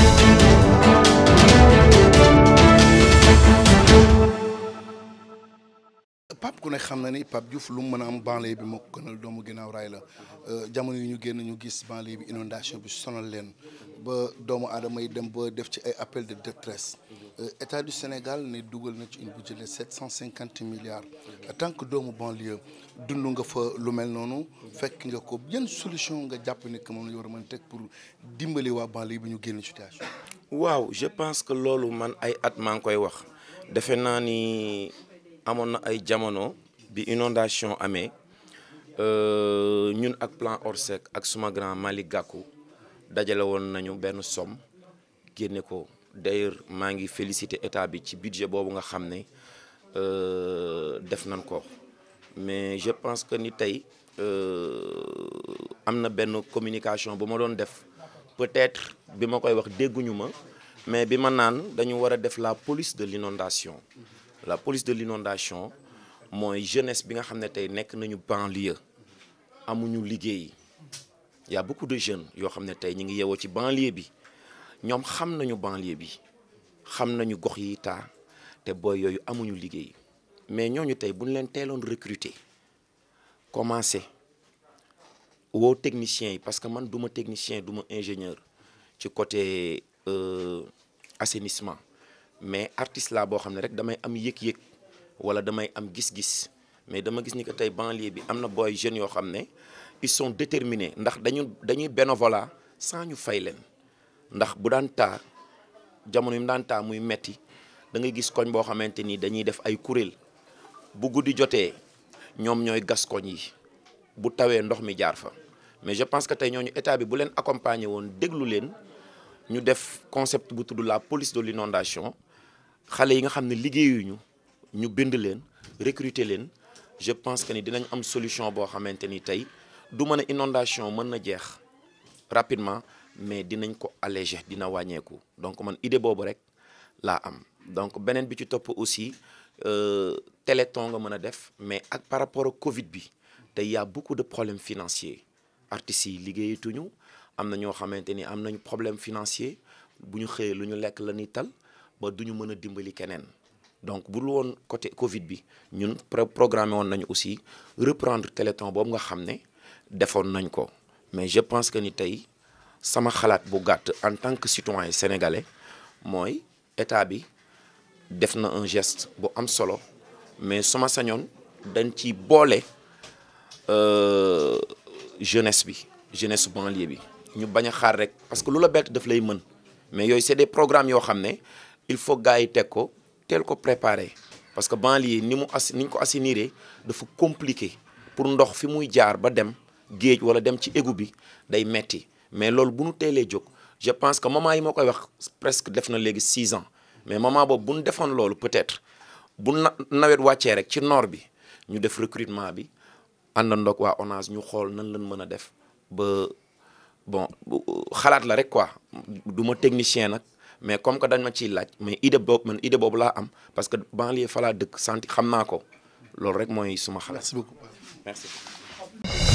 Thank you Pape ku ne xam na ni Pape Diouf lu mu mën a am banlieue bi moo ko gënal doomu ginnaaw raay la euh, jamono yi ñu génn ñu gis banlieue bi inondation bi sonal leen ba doomu aadama yi dem ba def ci ay appel de détresse euh, état du Sénégal ne dugal na ci une budget de 750 milliards en tant que doomu banlieue dund nga fa lu mel noonu fekk nga ko yan solution nga jàpp ni que moom la ñu war a mën teg pour dimbali waa banlieue bi ñu génn situation waaw je pense que loolu man ay at maa ngi koy wax defe naa ni amona ay jamono bi inondation euh ñun ak plan Orsec ak suma grand malik Gakou dajale woon nañu ben somme génne ko d'ailleurs ma ngi féliciter état bi ci budget bobu nga xamné euh def nañ ko mais je pense que ni tay euh amna ben communication buma ma def peut-être bima koy wax dégguñu mais bima nan dañu wara def la police de l'inondation la police de l'inondation mooy jeunesse bi nga xam ne tey nekk nañu banlieue amuñu liggéey y a beaucoup de jeunes yoo xam ne tey ñu ngi yeewoo ci banlieue bi ñoom xam nañu banlieue bi xam nañu gox yi taa te booy yooyu amuñu liggéey mais ñooñu tey bu ñu leen teeloon recruter commencé woo techniciens parce que man duma technicien duma ingénieur ci côté euh, assainissement mais artiste laa boo xam ne rek damay am yëg-yëg wala damay am gis-gis mais dama gis ni que tey banlieue bi am na booy jeunes yoo xam ne il sont déterminés ndax dañu dañuy bénévolat sans ñu fay leen ndax bu daan taa jamono yu mu daan taa muy metti da ngay gis koñ boo xamante ni dañuy def ay kuréel bu guddi jotee ñoom ñooy gas koñ yi bu tawee ndox mi jaar fa mais je pense que tey ñooñu état bi bu leen accompagner woon déglu leen ñu def concept bu tudd la police de l'inondation xalé yi nga xamné ne ñu ñu bënd leen recruter leen je pense que ni dinañ am solution bo xamanteni tay du mëna inondation mëna na jeex rapidement mais dinañ ko alléger dina wañéku donc man idée bobu rek la am donc benen bi ci top aussi euh, téléthon nga mëna def mais ak par rapport au Covid bi tay y a beaucoup de problèmes financiers artistes yi liggéeyatuñu am na ñoo am problème financier bu ñu xëyee lu ñu la ni tal ba du mëna dimbali keneen donc bu dul côté Covid bi ñun programmé won nañu aussi reprendre téléthon boobu nga xamné defon nañ ko mais je pense que ni tay sama xalaat bu gatt en tant que citoyen sénégalais moy état bi def na un geste bu am solo mais sama sañoon dañ ci euh jeunesse bi jeunesse banlieue bi ñu baña xaar rek parce que lu belt daf lay mën mais yoy c'est des programmes yo xamné il faut gars tel que ko teel ko préparer parce que banlieue ni mu as ni ñu ko de dafa compliquer pour ndox fi muy jaar ba dem géej wala dem ci égout bi day metti mais loolu bu télé teelee je pense que maman yi moo wax presque def na légui six ans mais maman boobu bu défendre l'ol peut-être bu na nawet wàccee rek ci nord bi ñu def recrutement bi àndandoog wa ONAS ñu xol nan lañ mëna def ba bon xalaat la rek quoi du technicien nak mais comme que dañ ma ciy laaj mais idée boobu man idée boobu laa am parce que banlieue falaa laa dëkk sant xam naa ko loolu rek mooy suma xalaat. merci beaucoup merci.